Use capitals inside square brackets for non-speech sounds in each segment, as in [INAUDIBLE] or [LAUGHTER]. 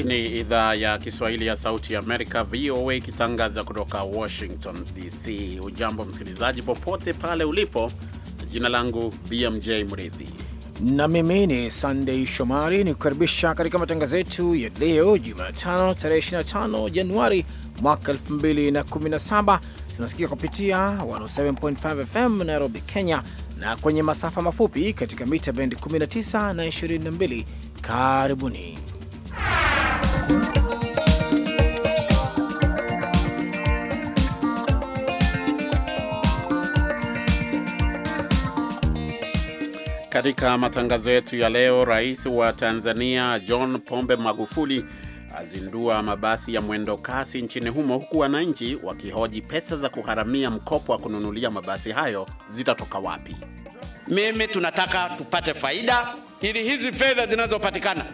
Hii ni idhaa ya Kiswahili ya Sauti ya Amerika, VOA, ikitangaza kutoka Washington DC. Hujambo msikilizaji, popote pale ulipo. Jina langu BMJ Mridhi na mimi ni Sandei Shomari, ni kukaribisha katika matangazo yetu ya leo Jumatano tarehe 25 Januari mwaka 2017. Tunasikia kupitia 107.5 FM Nairobi, Kenya, na kwenye masafa mafupi katika mita bendi 19 na 22. Karibuni. Katika matangazo yetu ya leo, rais wa Tanzania John Pombe Magufuli azindua mabasi ya mwendo kasi nchini humo, huku wananchi wakihoji pesa za kuharamia mkopo wa kununulia mabasi hayo zitatoka wapi. Mimi tunataka tupate faida ili hizi fedha zinazopatikana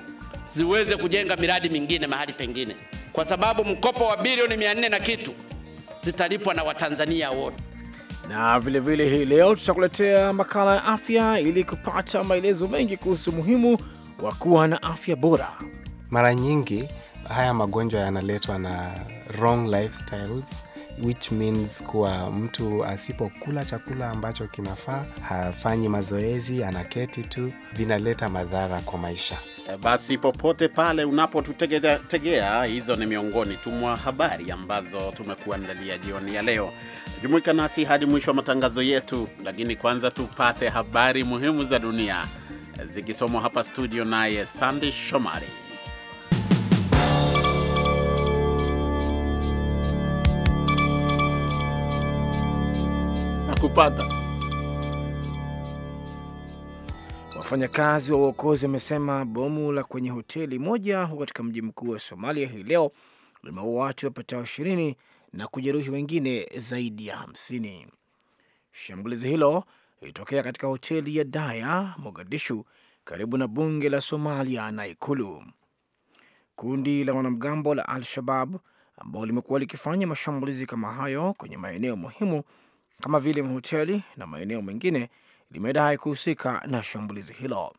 ziweze kujenga miradi mingine mahali pengine, kwa sababu mkopo wa bilioni mia nne na kitu zitalipwa na Watanzania wote. Na vilevile hii leo tutakuletea makala ya afya ili kupata maelezo mengi kuhusu umuhimu wa kuwa na afya bora. Mara nyingi haya magonjwa yanaletwa na wrong lifestyles which means kuwa mtu asipokula chakula ambacho kinafaa, hafanyi mazoezi, anaketi tu, vinaleta madhara kwa maisha. Eh, basi popote pale unapotutegea, hizo ni miongoni tu mwa habari ambazo tumekuandalia jioni ya leo. Jumuika nasi hadi mwisho wa matangazo yetu, lakini kwanza tupate habari muhimu za dunia zikisomwa hapa studio naye Sandy Shomari. Nakupata. Wafanyakazi wa uokozi wamesema bomu la kwenye hoteli moja huko katika mji mkuu wa Somalia hii leo limeua watu wapatao ishirini na kujeruhi wengine zaidi ya hamsini. Shambulizi hilo lilitokea katika hoteli ya Daya, Mogadishu, karibu na bunge la Somalia na Ikulu. Kundi la wanamgambo la Al-Shabab ambao limekuwa likifanya mashambulizi kama hayo kwenye maeneo muhimu kama vile mahoteli na maeneo mengine limedai kuhusika na shambulizi hilo.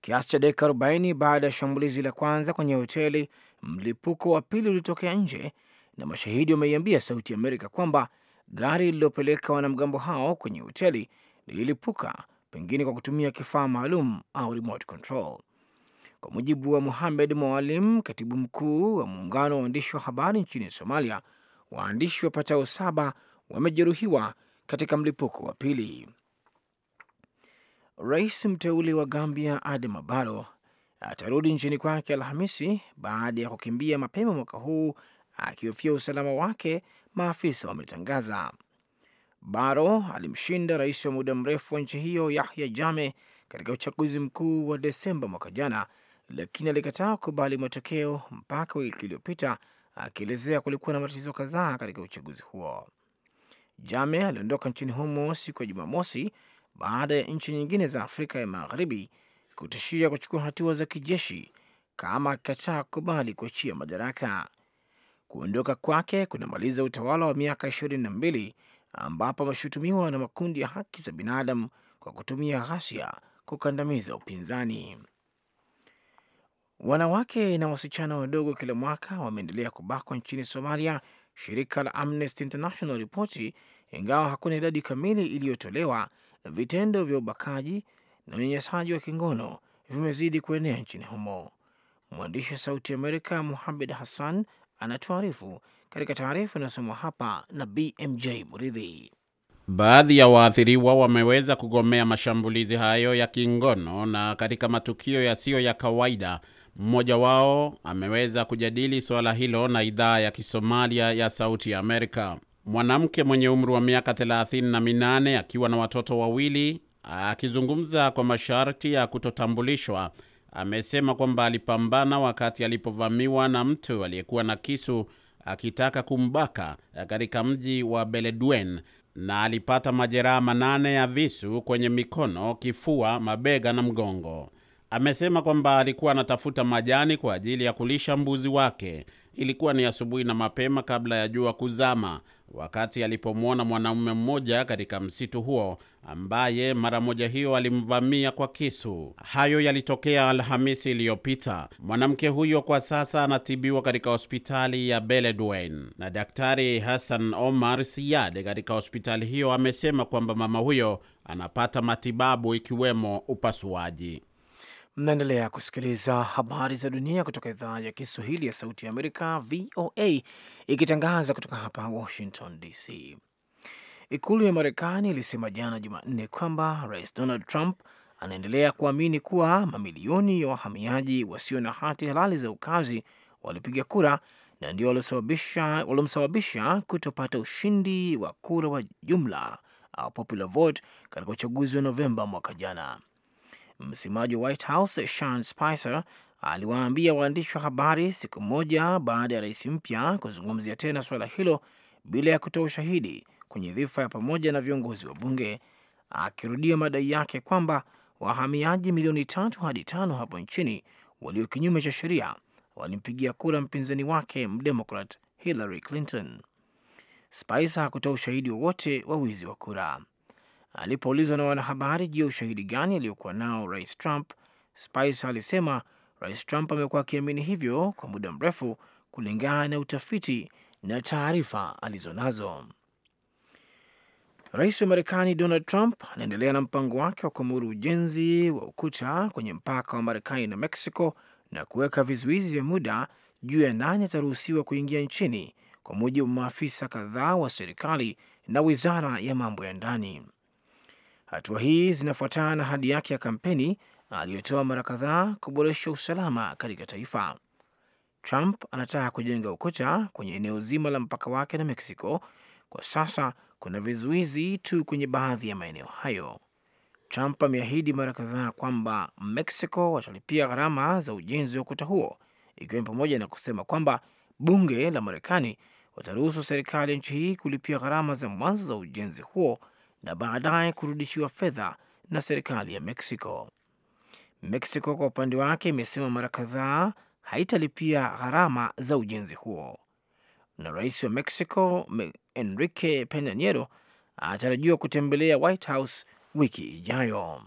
Kiasi cha dakika 40 baada ya shambulizi la kwanza kwenye hoteli, mlipuko wa pili ulitokea nje, na mashahidi wameiambia Sauti Amerika kwamba gari lililopeleka wanamgambo hao kwenye hoteli lililipuka, pengine kwa kutumia kifaa maalum au remote control. Kwa mujibu wa Muhamed Mwalim, katibu mkuu wa muungano wa waandishi wa habari nchini Somalia, waandishi wapatao saba wamejeruhiwa katika mlipuko wa pili. Rais mteule wa Gambia Adama Barrow atarudi nchini kwake Alhamisi baada ya kukimbia mapema mwaka huu akihofia usalama wake, maafisa wametangaza. baro alimshinda rais wa muda mrefu wa nchi hiyo Yahya jame katika uchaguzi mkuu wa Desemba mwaka jana, lakini alikataa kukubali matokeo mpaka wiki iliyopita, akielezea kulikuwa na matatizo kadhaa katika uchaguzi huo. jame aliondoka nchini humo siku ya Jumamosi baada ya nchi nyingine za Afrika ya Magharibi kutishia kuchukua hatua za kijeshi kama akikataa kubali kuachia madaraka. Kuondoka kwake kunamaliza utawala wa miaka ishirini na mbili ambapo ameshutumiwa na makundi ya haki za binadamu kwa kutumia ghasia kukandamiza upinzani. Wanawake na wasichana wadogo kila mwaka wameendelea kubakwa nchini Somalia, shirika la Amnesty International ripoti, ingawa hakuna idadi kamili iliyotolewa vitendo vya ubakaji na unyanyasaji wa kingono vimezidi kuenea nchini humo. Mwandishi wa Sauti Amerika Muhamed Hassan anatuarifu katika taarifa inayosomwa hapa na BMJ Muridhi. Baadhi ya waathiriwa wameweza kugomea mashambulizi hayo ya kingono, na katika matukio yasiyo ya kawaida, mmoja wao ameweza kujadili suala hilo na idhaa ya Kisomalia ya Sauti ya Amerika mwanamke mwenye umri wa miaka 38 akiwa na watoto wawili, akizungumza kwa masharti ya kutotambulishwa, amesema kwamba alipambana wakati alipovamiwa na mtu aliyekuwa na kisu akitaka kumbaka eh, katika mji wa Beledwen na alipata majeraha manane ya visu kwenye mikono, kifua, mabega na mgongo. Amesema kwamba alikuwa anatafuta majani kwa ajili ya kulisha mbuzi wake. Ilikuwa ni asubuhi na mapema kabla ya jua kuzama wakati alipomwona mwanaume mmoja katika msitu huo ambaye mara moja hiyo alimvamia kwa kisu. Hayo yalitokea Alhamisi iliyopita. Mwanamke huyo kwa sasa anatibiwa katika hospitali ya Beledweyne na Daktari Hassan Omar Siyad katika hospitali hiyo amesema kwamba mama huyo anapata matibabu ikiwemo upasuaji. Mnaendelea kusikiliza habari za dunia kutoka idhaa ya Kiswahili ya Sauti ya Amerika, VOA, ikitangaza kutoka hapa Washington DC. Ikulu ya Marekani ilisema jana Jumanne kwamba Rais Donald Trump anaendelea kuamini kuwa mamilioni ya wahamiaji wasio na hati halali za ukazi walipiga kura na ndio waliomsababisha kutopata ushindi wa kura wa jumla au popular vote katika uchaguzi wa Novemba mwaka jana. Msemaji wa White House Sean Spicer aliwaambia waandishi wa habari siku moja baada ya rais mpya kuzungumzia tena suala hilo bila ya kutoa ushahidi kwenye dhifa ya pamoja na viongozi wa bunge, akirudia madai yake kwamba wahamiaji milioni tatu hadi tano hapo nchini walio kinyume cha sheria walimpigia kura mpinzani wake mdemokrat Hillary Clinton. Spicer hakutoa ushahidi wowote wa wizi wa kura. Alipoulizwa na wanahabari juu ya ushahidi gani aliyokuwa nao rais Trump, Spicer alisema rais Trump amekuwa akiamini hivyo kwa muda mrefu kulingana na utafiti na taarifa alizonazo. Rais wa Marekani Donald Trump anaendelea na mpango wake wa kuamuru ujenzi wa ukuta kwenye mpaka wa Marekani na Mexico na kuweka vizuizi vya muda juu ya nani ataruhusiwa kuingia nchini, kwa mujibu wa maafisa kadhaa wa serikali na wizara ya mambo ya ndani. Hatua hii zinafuatana na hadi yake ya kampeni aliyotoa mara kadhaa kuboresha usalama katika taifa. Trump anataka kujenga ukuta kwenye eneo zima la mpaka wake na Meksiko. Kwa sasa kuna vizuizi tu kwenye baadhi ya maeneo hayo. Trump ameahidi mara kadhaa kwamba Meksiko watalipia gharama za ujenzi wa ukuta huo, ikiwa ni pamoja na kusema kwamba bunge la Marekani wataruhusu serikali ya nchi hii kulipia gharama za mwanzo za ujenzi huo na baadaye kurudishiwa fedha na serikali ya Mexico. Mexico kwa upande wake imesema mara kadhaa haitalipia gharama za ujenzi huo, na rais wa Mexico Enrique Pena Nieto anatarajiwa kutembelea White House wiki ijayo.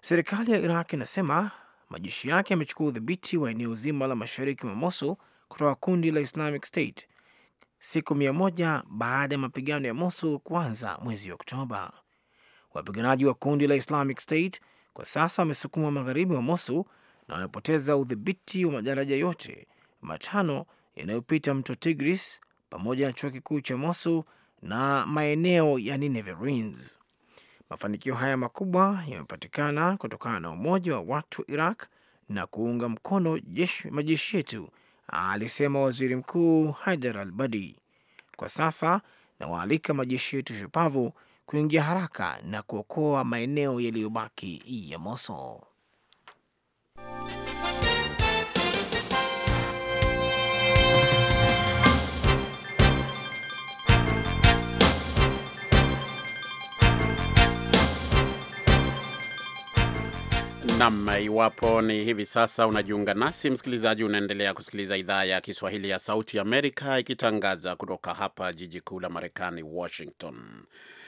Serikali ya Iraq inasema majeshi yake yamechukua udhibiti wa eneo zima la mashariki mwa Mosul kutoka kundi la Islamic State siku mia moja baada ya mapigano ya Mosul kuanza mwezi Oktoba. Wapiganaji wa kundi la Islamic State kwa sasa wamesukuma magharibi wa Mosul na wamepoteza udhibiti wa madaraja yote matano yanayopita mto Tigris pamoja na chuo kikuu cha Mosul na maeneo ya Nineverins. Mafanikio haya makubwa yamepatikana kutokana na umoja wa watu wa Iraq na kuunga mkono majeshi yetu alisema waziri mkuu Haidar al-Badi. Kwa sasa nawaalika majeshi yetu shupavu kuingia haraka na kuokoa maeneo yaliyobaki ya Mosul. Nam, iwapo ni hivi sasa unajiunga nasi msikilizaji, unaendelea kusikiliza idhaa ya Kiswahili ya Sauti Amerika ikitangaza kutoka hapa jiji kuu la Marekani, Washington.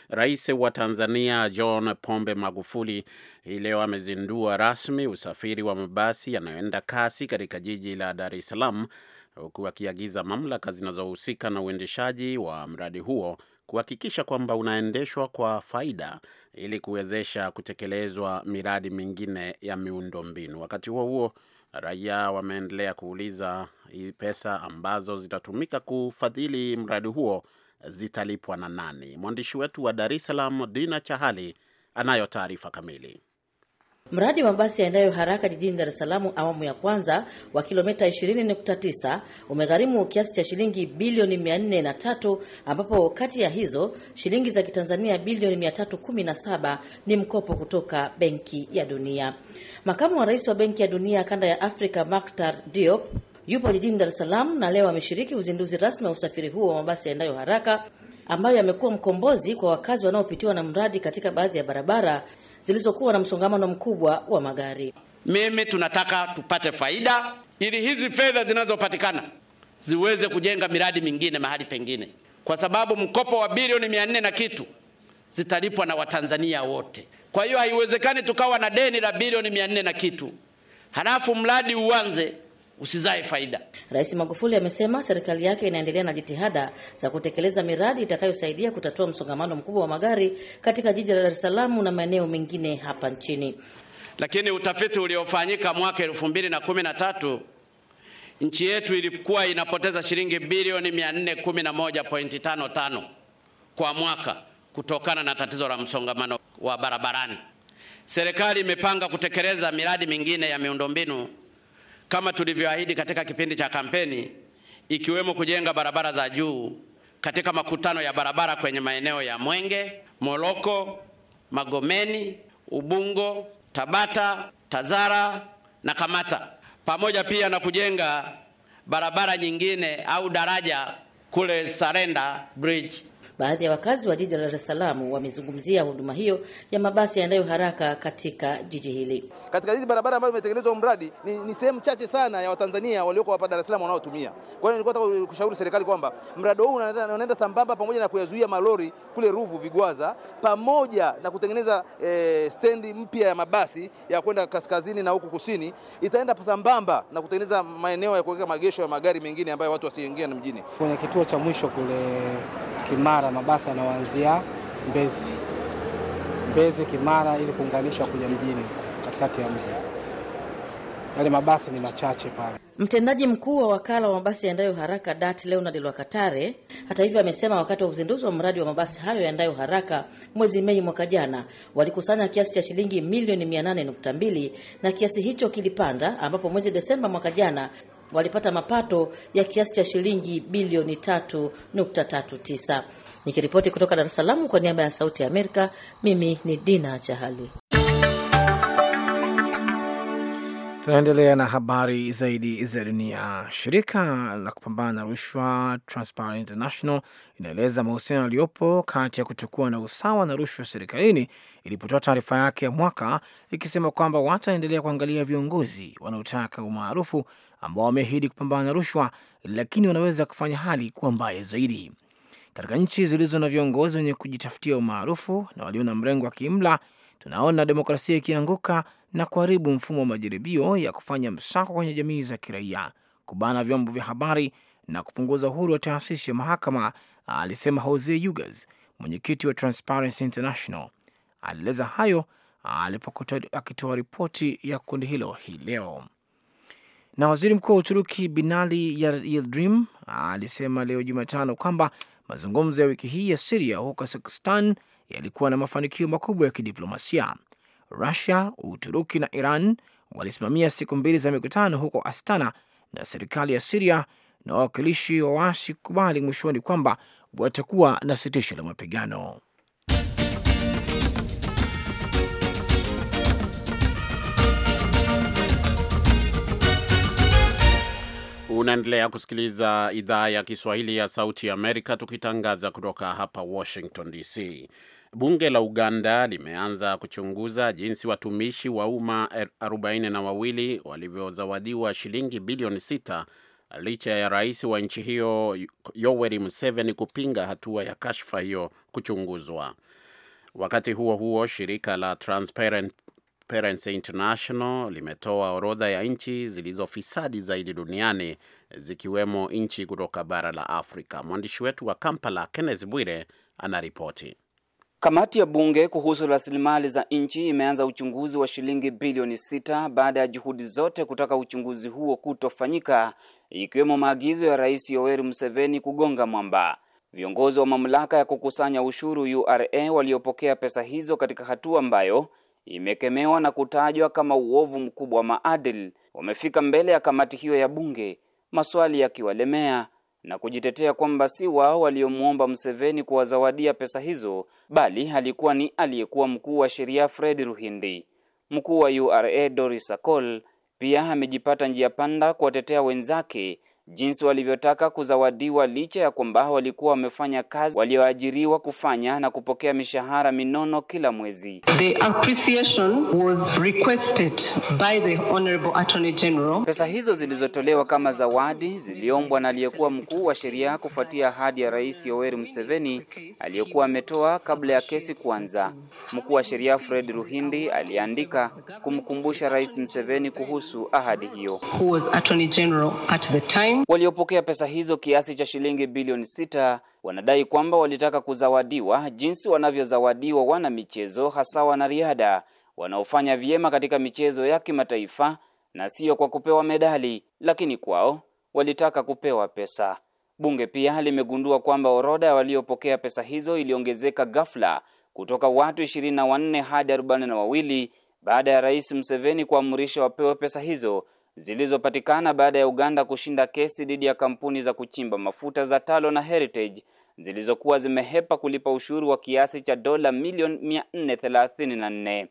Rais wa Tanzania John Pombe Magufuli hii leo amezindua rasmi usafiri wa mabasi yanayoenda kasi katika jiji la Dar es Salaam, huku akiagiza mamlaka zinazohusika na uendeshaji wa mradi huo kuhakikisha kwamba unaendeshwa kwa faida ili kuwezesha kutekelezwa miradi mingine ya miundombinu. Wakati huo huo, raia wameendelea kuuliza pesa ambazo zitatumika kufadhili mradi huo zitalipwa na nani? Mwandishi wetu wa Dar es Salaam, Dina Chahali, anayo taarifa kamili. Mradi wa mabasi yaendayo haraka jijini Dar es Salaam awamu ya kwanza wa kilomita 20.9 umegharimu kiasi cha shilingi bilioni 403, ambapo kati ya hizo shilingi za kitanzania bilioni 317 ni mkopo kutoka Benki ya Dunia. Makamu wa Rais wa Benki ya Dunia kanda ya Afrika Makhtar Diop yupo jijini Dar es Salaam na leo ameshiriki uzinduzi rasmi wa usafiri huo wa mabasi yaendayo haraka ambayo yamekuwa mkombozi kwa wakazi wanaopitiwa na mradi katika baadhi ya barabara zilizokuwa na msongamano mkubwa wa magari. Mimi tunataka tupate faida ili hizi fedha zinazopatikana ziweze kujenga miradi mingine mahali pengine, kwa sababu mkopo wa bilioni mia nne na kitu zitalipwa na Watanzania wote. Kwa hiyo haiwezekani tukawa na deni la bilioni mia nne na kitu halafu mradi uanze usizae faida. Rais Magufuli amesema serikali yake inaendelea na jitihada za kutekeleza miradi itakayosaidia kutatua msongamano mkubwa wa magari katika jiji la Dar es Salaam na maeneo mengine hapa nchini. Lakini utafiti uliofanyika mwaka elfu mbili na kumi na tatu nchi yetu ilikuwa inapoteza shilingi bilioni 411.55 kwa mwaka kutokana na tatizo la msongamano wa barabarani. Serikali imepanga kutekeleza miradi mingine ya miundombinu kama tulivyoahidi katika kipindi cha kampeni, ikiwemo kujenga barabara za juu katika makutano ya barabara kwenye maeneo ya Mwenge, Moroko, Magomeni, Ubungo, Tabata, Tazara na Kamata, pamoja pia na kujenga barabara nyingine au daraja kule Sarenda Bridge. Baadhi ya wakazi wa jiji la Dar es Salaam wamezungumzia huduma hiyo ya mabasi yaendayo haraka katika jiji hili. Katika hizi barabara ambazo imetengenezwa mradi ni, ni sehemu chache sana ya Watanzania walioko hapa Dar es Salaam wanaotumia. Kwa hiyo nilikuwa nataka kushauri serikali kwamba mradi huu unaenda sambamba pamoja na kuyazuia malori kule Ruvu Vigwaza, pamoja na kutengeneza eh, stendi mpya ya mabasi ya kwenda kaskazini na huku kusini, itaenda sambamba na kutengeneza maeneo ya kuweka magesho ya magari mengine ambayo watu wasiingia na mjini. Kwenye kituo cha mwisho kule Kimara mabasi yanayoanzia Mbezi, Mbezi Kimara, ili kuunganisha kuja mjini katikati ya mji. Yale mabasi ni machache pale. Mtendaji mkuu wa wakala wa mabasi yaendayo haraka DART Leonard Lwakatare hata hivyo amesema wakati wa uzinduzi wa mradi wa mabasi hayo yaendayo haraka mwezi Mei mwaka jana walikusanya kiasi cha shilingi milioni 800.2 na kiasi hicho kilipanda, ambapo mwezi Desemba mwaka jana walipata mapato ya kiasi cha shilingi bilioni 3.39. Nikiripoti kutoka Dar es Salaam kwa niaba ya Sauti ya Amerika, mimi ni Dina Chahali. Tunaendelea na habari zaidi za dunia. Shirika la kupambana na rushwa Transparency International inaeleza mahusiano yaliyopo kati ya kutokuwa na usawa na rushwa serikalini, ilipotoa taarifa yake ya mwaka ikisema kwamba watu wanaendelea kuangalia viongozi wanaotaka umaarufu ambao wameahidi kupambana na rushwa, lakini wanaweza kufanya hali kuwa mbaya zaidi. Katika nchi zilizo na viongozi wenye kujitafutia umaarufu na walio na mrengo wa kiimla, tunaona demokrasia ikianguka na kuharibu mfumo wa majaribio ya kufanya msako kwenye jamii za kiraia, kubana vyombo vya habari na kupunguza uhuru wa taasisi ya mahakama, alisema Jose Yugas, mwenyekiti wa Transparency International. Alieleza hayo alipokuwa akitoa ripoti ya kundi hilo hii leo. Na waziri mkuu wa Uturuki Binali Yildirim alisema leo Jumatano kwamba Mazungumzo ya wiki hii ya Siria huko Kazakhstan yalikuwa na mafanikio makubwa ya kidiplomasia. Rusia, Uturuki na Iran walisimamia siku mbili za mikutano huko Astana na serikali ya Siria na wawakilishi wa waasi kukubali mwishoni kwamba watakuwa na sitisho la mapigano. Unaendelea kusikiliza idhaa ya Kiswahili ya Sauti ya Amerika, tukitangaza kutoka hapa Washington DC. Bunge la Uganda limeanza kuchunguza jinsi watumishi wa umma 42 wawili walivyozawadiwa shilingi bilioni 6 licha ya rais wa nchi hiyo Yoweri Museveni kupinga hatua ya kashfa hiyo kuchunguzwa. Wakati huo huo, shirika la Transparent Transparency International limetoa orodha ya nchi zilizofisadi zaidi duniani zikiwemo nchi kutoka bara la Afrika. Mwandishi wetu wa Kampala Kenneth Bwire anaripoti. Kamati ya bunge kuhusu rasilimali za nchi imeanza uchunguzi wa shilingi bilioni sita baada ya juhudi zote kutaka uchunguzi huo kutofanyika, ikiwemo maagizo ya Rais Yoweri Museveni kugonga mwamba. Viongozi wa mamlaka ya kukusanya ushuru URA waliopokea pesa hizo katika hatua ambayo imekemewa na kutajwa kama uovu mkubwa wa maadili, wamefika mbele ya kamati hiyo ya bunge, maswali yakiwalemea na kujitetea kwamba si wao waliomwomba mseveni kuwazawadia pesa hizo, bali alikuwa ni aliyekuwa mkuu wa sheria Fred Ruhindi. Mkuu wa URA Doris Akol pia amejipata njia panda kuwatetea wenzake jinsi walivyotaka kuzawadiwa licha ya kwamba walikuwa wamefanya kazi walioajiriwa kufanya na kupokea mishahara minono kila mwezi. The appreciation was requested by the Honorable Attorney General. Pesa hizo zilizotolewa kama zawadi ziliombwa na aliyekuwa mkuu wa sheria kufuatia ahadi ya Rais Yoweri Museveni aliyokuwa ametoa kabla ya kesi kuanza. Mkuu wa sheria Fred Ruhindi aliandika kumkumbusha Rais Museveni kuhusu ahadi hiyo. Who was Attorney General at the time Waliopokea pesa hizo kiasi cha shilingi bilioni sita wanadai kwamba walitaka kuzawadiwa jinsi wanavyozawadiwa wana michezo, hasa wanariadha wanaofanya vyema katika michezo ya kimataifa, na sio kwa kupewa medali, lakini kwao walitaka kupewa pesa. Bunge pia limegundua kwamba orodha ya waliopokea pesa hizo iliongezeka ghafla kutoka watu 24 hadi 42 baada ya Rais mseveni kuamrisha wapewe pesa hizo zilizopatikana baada ya Uganda kushinda kesi dhidi ya kampuni za kuchimba mafuta za Talo na Heritage zilizokuwa zimehepa kulipa ushuru wa kiasi cha dola milioni 434.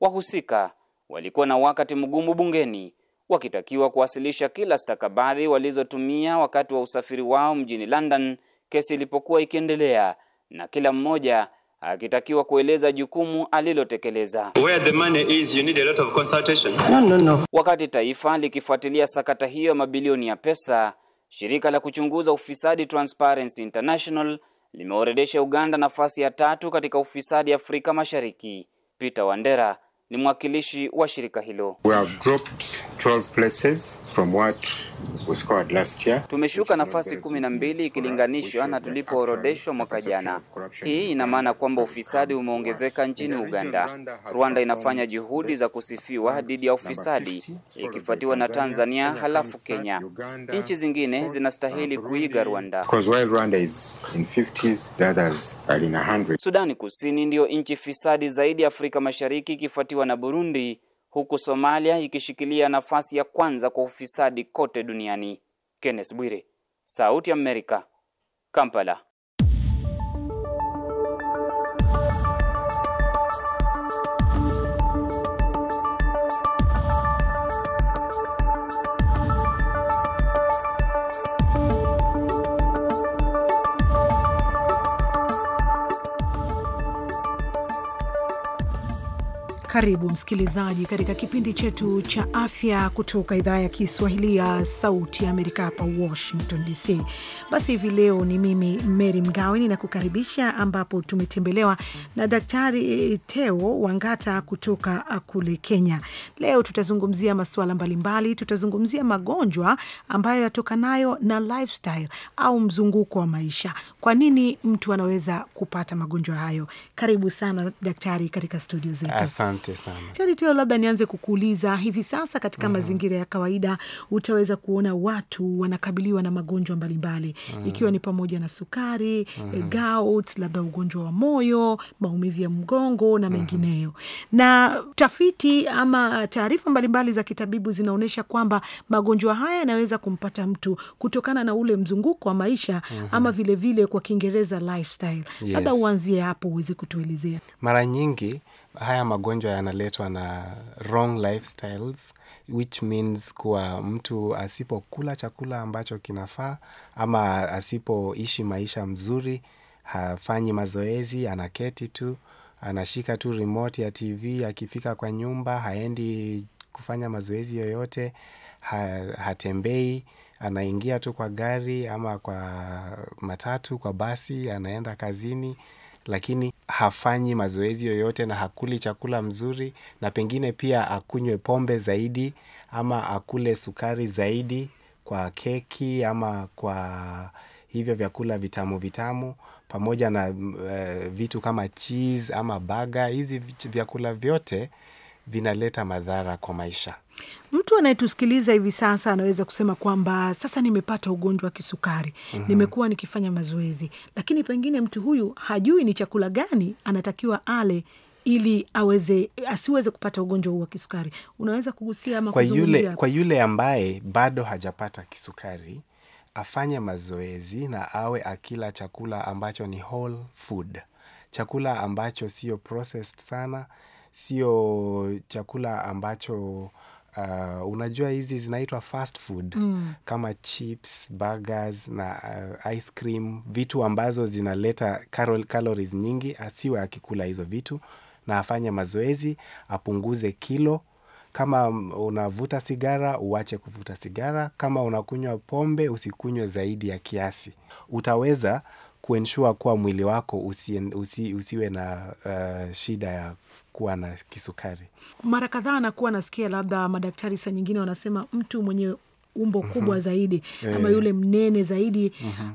Wahusika walikuwa na wakati mgumu bungeni wakitakiwa kuwasilisha kila stakabadhi walizotumia wakati wa usafiri wao mjini London kesi ilipokuwa ikiendelea, na kila mmoja akitakiwa kueleza jukumu alilotekeleza. Where the money is, you need a lot of consultation. No, no, no. Wakati taifa likifuatilia sakata hiyo ya mabilioni ya pesa, shirika la kuchunguza ufisadi Transparency International limeorodesha Uganda nafasi ya tatu katika ufisadi Afrika Mashariki. Peter Wandera ni mwakilishi wa shirika hilo. We have dropped 12 places from what we scored last year. Tumeshuka nafasi kumi na mbili ikilinganishwa na tulipoorodeshwa mwaka jana. Hii ina maana kwamba ufisadi umeongezeka nchini Uganda. Rwanda inafanya juhudi za kusifiwa dhidi ya ufisadi ikifuatiwa na Tanzania, halafu Kenya. Nchi zingine zinastahili kuiga Rwanda. Rwanda is in 50s, others are in 100. Sudani Kusini ndiyo nchi fisadi zaidi Afrika Mashariki ikifuatiwa na Burundi huku Somalia ikishikilia nafasi ya kwanza kwa ufisadi kote duniani. Kenneth Bwire, Sauti ya Amerika, Kampala. Karibu msikilizaji katika kipindi chetu cha afya kutoka idhaa ya Kiswahili ya Sauti ya Amerika hapa Washington DC. Basi hivi leo ni mimi Mary Mgawe ninakukaribisha, ambapo tumetembelewa na Daktari Teo Wangata kutoka kule Kenya. Leo tutazungumzia masuala mbalimbali, tutazungumzia magonjwa ambayo yatokanayo na lifestyle au mzunguko wa maisha. Kwa nini mtu anaweza kupata magonjwa hayo? Karibu sana daktari katika studio zetu. Asante sana. Karitio. labda nianze kukuuliza hivi sasa katika mm. mazingira ya kawaida utaweza kuona watu wanakabiliwa na magonjwa mbalimbali mm. ikiwa ni pamoja na sukari eh, mhm. gout, labda ugonjwa wa moyo, maumivu ya mgongo na mhm. mengineyo mm. na tafiti ama taarifa mbalimbali za kitabibu zinaonyesha kwamba magonjwa haya yanaweza kumpata mtu kutokana na ule mzunguko wa maisha mm. ama vilevile vile kwa Kiingereza lifestyle. Labda yes. uanzie hapo uweze kutuelezea. Mara nyingi haya magonjwa yanaletwa na wrong lifestyles which means kuwa mtu asipokula chakula ambacho kinafaa ama asipoishi maisha mzuri, hafanyi mazoezi, anaketi tu, anashika tu remote ya TV, akifika kwa nyumba, haendi kufanya mazoezi yoyote, hatembei, anaingia tu kwa gari ama kwa matatu, kwa basi, anaenda kazini lakini hafanyi mazoezi yoyote na hakuli chakula mzuri na pengine pia akunywe pombe zaidi ama akule sukari zaidi kwa keki ama kwa hivyo vyakula vitamu vitamu pamoja na eh, vitu kama cheese ama baga hizi vyakula vyote vinaleta madhara kwa maisha. Mtu anayetusikiliza hivi sasa anaweza kusema kwamba sasa nimepata ugonjwa wa kisukari, mm -hmm. nimekuwa nikifanya mazoezi, lakini pengine mtu huyu hajui ni chakula gani anatakiwa ale ili aweze asiweze kupata ugonjwa huu wa kisukari. Unaweza kugusia ama kwa yule, kwa yule ambaye bado hajapata kisukari afanye mazoezi na awe akila chakula ambacho ni whole food, chakula ambacho sio processed sana sio chakula ambacho Uh, unajua hizi zinaitwa fast food mm. kama chips, burgers na uh, ice cream, vitu ambazo zinaleta calories nyingi. Asiwe akikula hizo vitu na afanye mazoezi, apunguze kilo. Kama unavuta sigara, uache kuvuta sigara. Kama unakunywa pombe, usikunywe zaidi ya kiasi. Utaweza kuensure kuwa mwili wako usi, usi, usiwe na uh, shida ya kuwa na kisukari. Mara kadhaa anakuwa anasikia labda madaktari saa nyingine wanasema mtu mwenye umbo mhm. kubwa mm -hmm. zaidi ama eh. yule mnene zaidi mm -hmm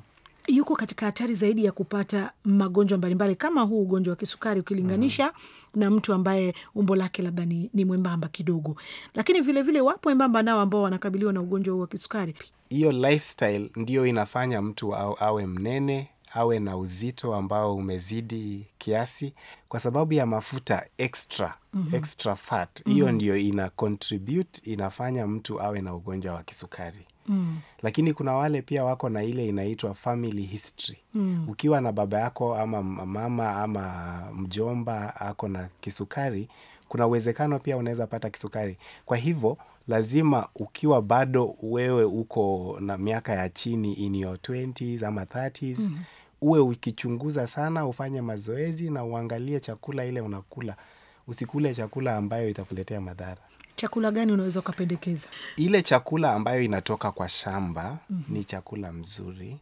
yuko katika hatari zaidi ya kupata magonjwa mbalimbali kama huu ugonjwa wa kisukari ukilinganisha mm -hmm. na mtu ambaye umbo lake labda ni, ni mwembamba kidogo. Lakini vilevile wapo wembamba nao ambao wanakabiliwa na ugonjwa huu wa kisukari. Hiyo lifestyle inafanya mtu awe mnene awe na uzito ambao umezidi kiasi kwa sababu ya mafuta extra, mm -hmm. extra fat hiyo mm -hmm. ndio ina contribute inafanya mtu awe na ugonjwa wa kisukari mm. Lakini kuna wale pia wako na ile inaitwa family history mm. Ukiwa na baba yako ama mama ama mjomba ako na kisukari, kuna uwezekano pia unaweza pata kisukari. Kwa hivyo lazima ukiwa bado wewe uko na miaka ya chini in your 20s ama 30s mm uwe ukichunguza sana, ufanye mazoezi na uangalie chakula ile unakula. Usikule chakula ambayo itakuletea madhara. Chakula gani unaweza ukapendekeza? Ile chakula ambayo inatoka kwa shamba mm -hmm. ni chakula mzuri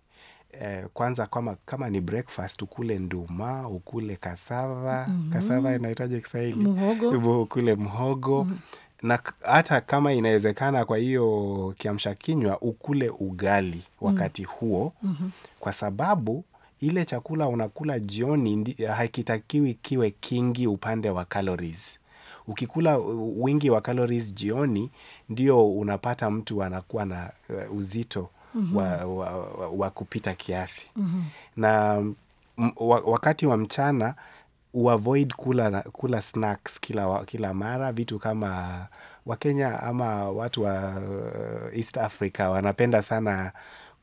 eh, kwanza kama, kama ni breakfast ukule nduma, ukule kasava mm -hmm. kasava inahitaji Kiswahili, mhogo. ukule mhogo mm -hmm. na hata kama inawezekana, kwa hiyo kiamsha kinywa ukule ugali wakati mm -hmm. huo mm -hmm. kwa sababu ile chakula unakula jioni hakitakiwi kiwe kingi upande wa calories. Ukikula wingi wa calories jioni ndio unapata mtu anakuwa na uh, uzito mm -hmm. wa, wa, wa, wa kupita kiasi mm -hmm. na wakati wa mchana uavoid kula, kula snacks kila, kila mara vitu kama Wakenya ama watu wa uh, East Africa wanapenda sana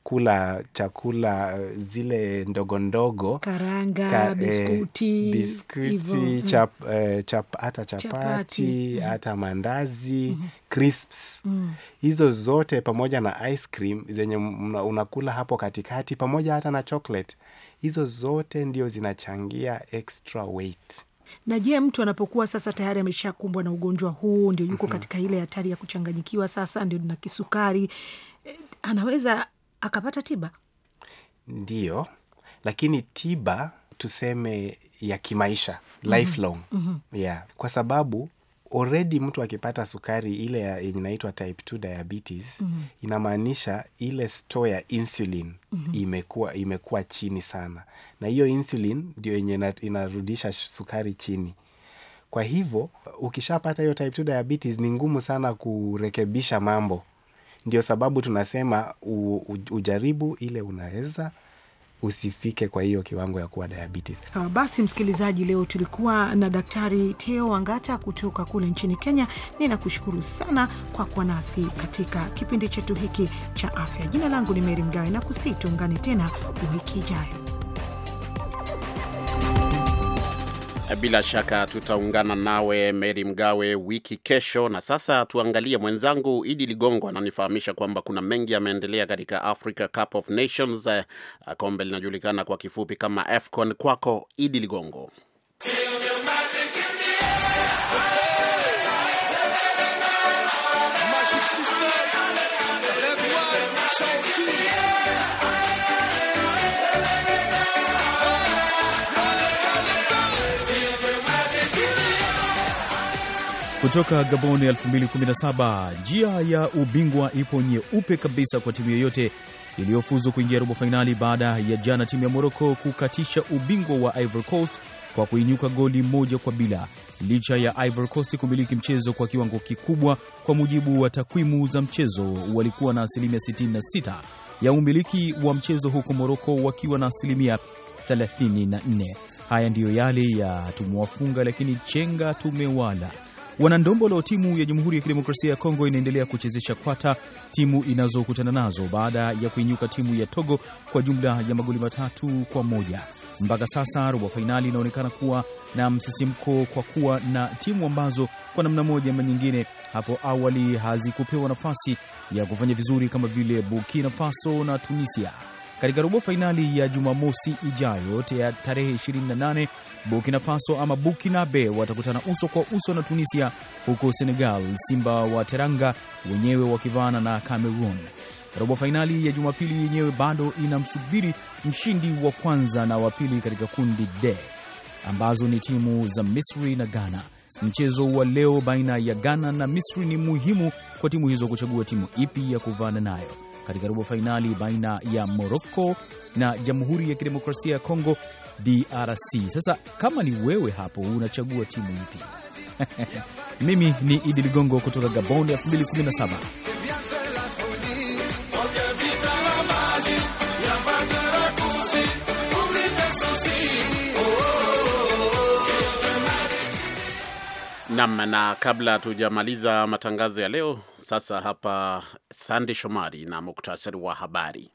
kula chakula eh, zile ndogo ndogo, karanga, ka, eh, biskuti, biskuti mm. chap, eh, chap, hata chapati mm. hata mm. mandazi mm -hmm. crisps mm. hizo zote pamoja na ice cream zenye unakula hapo katikati pamoja hata na chocolate, hizo zote ndio zinachangia extra weight na je, mtu anapokuwa sasa tayari ameshakumbwa na ugonjwa huu, ndio yuko mm -hmm. katika ile hatari ya kuchanganyikiwa, sasa ndio na kisukari, eh, anaweza akapata tiba? Ndiyo, lakini tiba tuseme ya kimaisha mm-hmm. mm-hmm. yeah. kwa sababu already mtu akipata sukari ile yenye inaitwa type 2 diabetes mm-hmm. inamaanisha ile store ya insulin mm-hmm. imekuwa, imekuwa chini sana, na hiyo insulin ndio yenye inarudisha sukari chini. Kwa hivyo ukishapata hiyo type 2 diabetes ni ngumu sana kurekebisha mambo ndio sababu tunasema u, u, ujaribu ile unaweza usifike kwa hiyo kiwango ya kuwa diabetes. Sawa ah, basi, msikilizaji, leo tulikuwa na Daktari Teo Wangata kutoka kule nchini Kenya. Ninakushukuru sana kwa kuwa nasi katika kipindi chetu hiki cha afya. Jina langu ni Meri Mgawe na kusi, tuungane tena wiki ijayo. Eh, bila shaka tutaungana nawe Mary Mgawe wiki kesho. Na sasa tuangalie, mwenzangu Idi Ligongo ananifahamisha kwamba kuna mengi yameendelea katika Africa Cup of Nations, eh, kombe linajulikana kwa kifupi kama AFCON. Kwako Idi Ligongo. kutoka Gabon 2017. Njia ya ubingwa ipo nyeupe kabisa kwa timu yoyote iliyofuzu kuingia robo fainali baada ya jana timu ya Moroko kukatisha ubingwa wa Ivory Coast kwa kuinyuka goli moja kwa bila, licha ya Ivory Coast kumiliki mchezo kwa kiwango kikubwa. Kwa mujibu wa takwimu za mchezo, walikuwa na asilimia 66 ya umiliki wa mchezo, huku Moroko wakiwa na asilimia 34. Haya ndiyo yale ya tumewafunga, lakini chenga tumewala. Wanandombolo, timu ya Jamhuri ya Kidemokrasia ya Kongo inaendelea kuchezesha kwata timu inazokutana nazo baada ya kuinyuka timu ya Togo kwa jumla ya magoli matatu kwa moja. Mpaka sasa robo fainali inaonekana kuwa na msisimko kwa kuwa na timu ambazo kwa namna moja ama nyingine hapo awali hazikupewa nafasi ya kufanya vizuri kama vile Burkina Faso na Tunisia katika robo fainali ya Jumamosi ijayo ya tarehe 28. Burkina Faso ama Burkinabe watakutana uso kwa uso na Tunisia, huko Senegal Simba wa Teranga wenyewe wakivaana na Cameroon. Robo fainali ya Jumapili yenyewe bado inamsubiri mshindi wa kwanza na wa pili katika kundi D ambazo ni timu za Misri na Ghana. Mchezo wa leo baina ya Ghana na Misri ni muhimu kwa timu hizo kuchagua timu ipi ya kuvana nayo katika robo fainali baina ya Morocco na Jamhuri ya Kidemokrasia ya Kongo DRC. Sasa kama ni wewe hapo, unachagua timu ipi? [LAUGHS] Mimi ni Idi Ligongo kutoka Gabon 2017. Nam, na kabla tujamaliza matangazo ya leo, sasa hapa Sande Shomari na muktasari wa habari.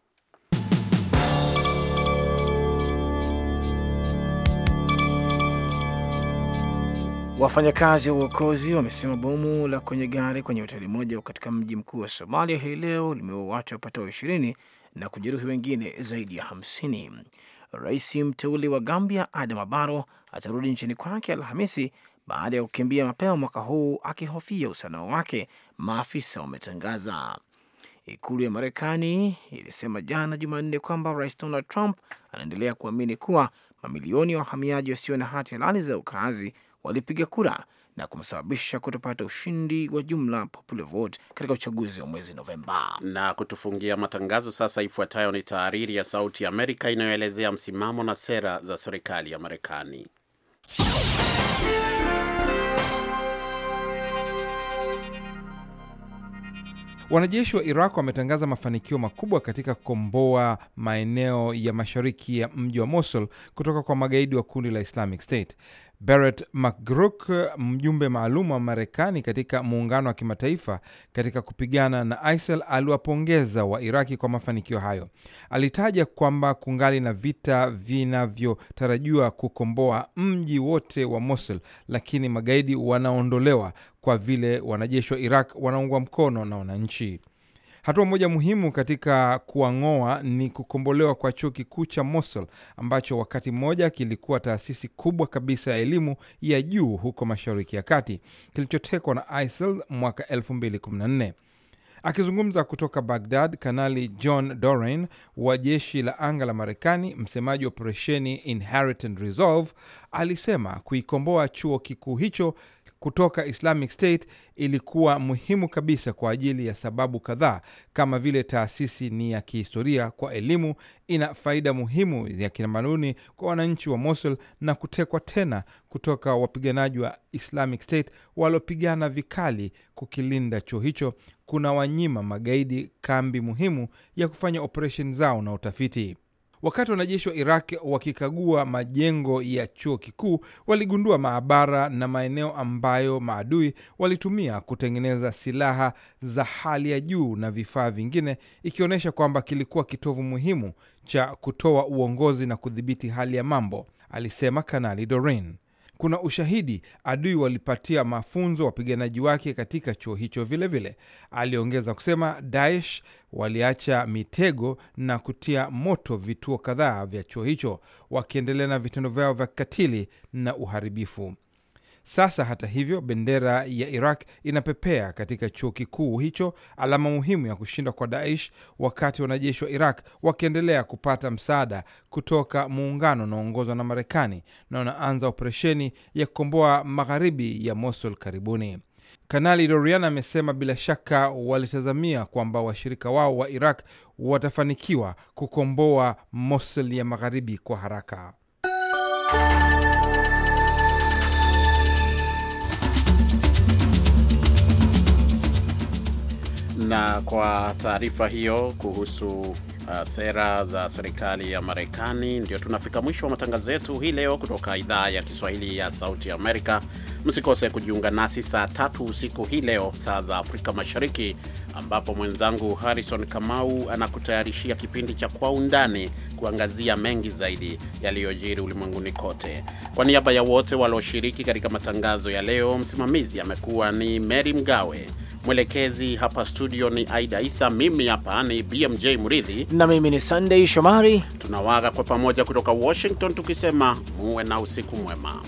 Wafanyakazi wa uokozi wamesema bomu la kwenye gari kwenye hoteli moja katika mji mkuu wa Somalia hii leo limeua watu wapatao ishirini na kujeruhi wengine zaidi ya hamsini. Rais mteule wa Gambia Adama abaro atarudi nchini kwake Alhamisi baada ya kukimbia mapema mwaka huu akihofia usalama wake maafisa wametangaza. Ikulu ya Marekani ilisema jana Jumanne kwamba Rais Donald Trump anaendelea kuamini kuwa mamilioni ya wahamiaji wasio na hati halali za ukaazi walipiga kura na kumsababisha kutopata ushindi wa jumla popular vote katika uchaguzi wa mwezi Novemba. Na kutufungia matangazo sasa, ifuatayo ni tahariri ya Sauti ya Amerika inayoelezea msimamo na sera za serikali ya Marekani. Wanajeshi wa Iraq wametangaza mafanikio makubwa katika kukomboa maeneo ya mashariki ya mji wa Mosul kutoka kwa magaidi wa kundi la Islamic State. Barrett McGrook, mjumbe maalum wa Marekani katika muungano wa kimataifa katika kupigana na ISIL, aliwapongeza wa Iraki kwa mafanikio hayo. Alitaja kwamba kungali na vita vinavyotarajiwa kukomboa mji wote wa Mosul, lakini magaidi wanaondolewa kwa vile wanajeshi wa Iraq wanaungwa mkono na wananchi. Hatua moja muhimu katika kuang'oa ni kukombolewa kwa chuo kikuu cha Mosul ambacho wakati mmoja kilikuwa taasisi kubwa kabisa ya elimu ya juu huko Mashariki ya Kati, kilichotekwa na ISIL mwaka 2014. Akizungumza kutoka Baghdad, Kanali John Doran wa jeshi la anga la Marekani, msemaji wa operesheni Inherent Resolve, alisema kuikomboa chuo kikuu hicho kutoka Islamic State ilikuwa muhimu kabisa kwa ajili ya sababu kadhaa, kama vile taasisi ni ya kihistoria kwa elimu, ina faida muhimu ya kitamaduni kwa wananchi wa Mosul, na kutekwa tena kutoka wapiganaji wa Islamic State waliopigana vikali kukilinda chuo hicho kuna wanyima magaidi kambi muhimu ya kufanya operesheni zao na utafiti. Wakati wanajeshi wa Iraq wakikagua majengo ya chuo kikuu, waligundua maabara na maeneo ambayo maadui walitumia kutengeneza silaha za hali ya juu na vifaa vingine, ikionyesha kwamba kilikuwa kitovu muhimu cha kutoa uongozi na kudhibiti hali ya mambo, alisema Kanali Dorin. Kuna ushahidi adui walipatia mafunzo wapiganaji wake katika chuo hicho vilevile Aliongeza kusema Daesh waliacha mitego na kutia moto vituo kadhaa vya chuo hicho wakiendelea na vitendo vyao vya kikatili na uharibifu. Sasa hata hivyo, bendera ya Iraq inapepea katika chuo kikuu hicho, alama muhimu ya kushindwa kwa Daesh, wakati wanajeshi wa Iraq wakiendelea kupata msaada kutoka muungano unaoongozwa na Marekani na wanaanza operesheni ya kukomboa magharibi ya Mosul karibuni. Kanali Dorian amesema bila shaka walitazamia kwamba washirika wao wa Iraq watafanikiwa kukomboa Mosul ya magharibi kwa haraka. kwa taarifa hiyo kuhusu uh, sera za serikali ya Marekani, ndio tunafika mwisho wa matangazo yetu hii leo kutoka idhaa ya Kiswahili ya Sauti ya Amerika. Msikose kujiunga nasi saa tatu usiku hii leo, saa za Afrika Mashariki, ambapo mwenzangu Harrison Kamau anakutayarishia kipindi cha Kwa Undani, kuangazia mengi zaidi yaliyojiri ulimwenguni kote. Kwa niaba ya wote walioshiriki katika matangazo ya leo, msimamizi amekuwa ni Mary Mgawe. Mwelekezi hapa studio ni Aida Isa, mimi hapa ni BMJ Muridhi na mimi ni Sunday Shomari. Tunawaga kwa pamoja kutoka Washington tukisema muwe na usiku mwema.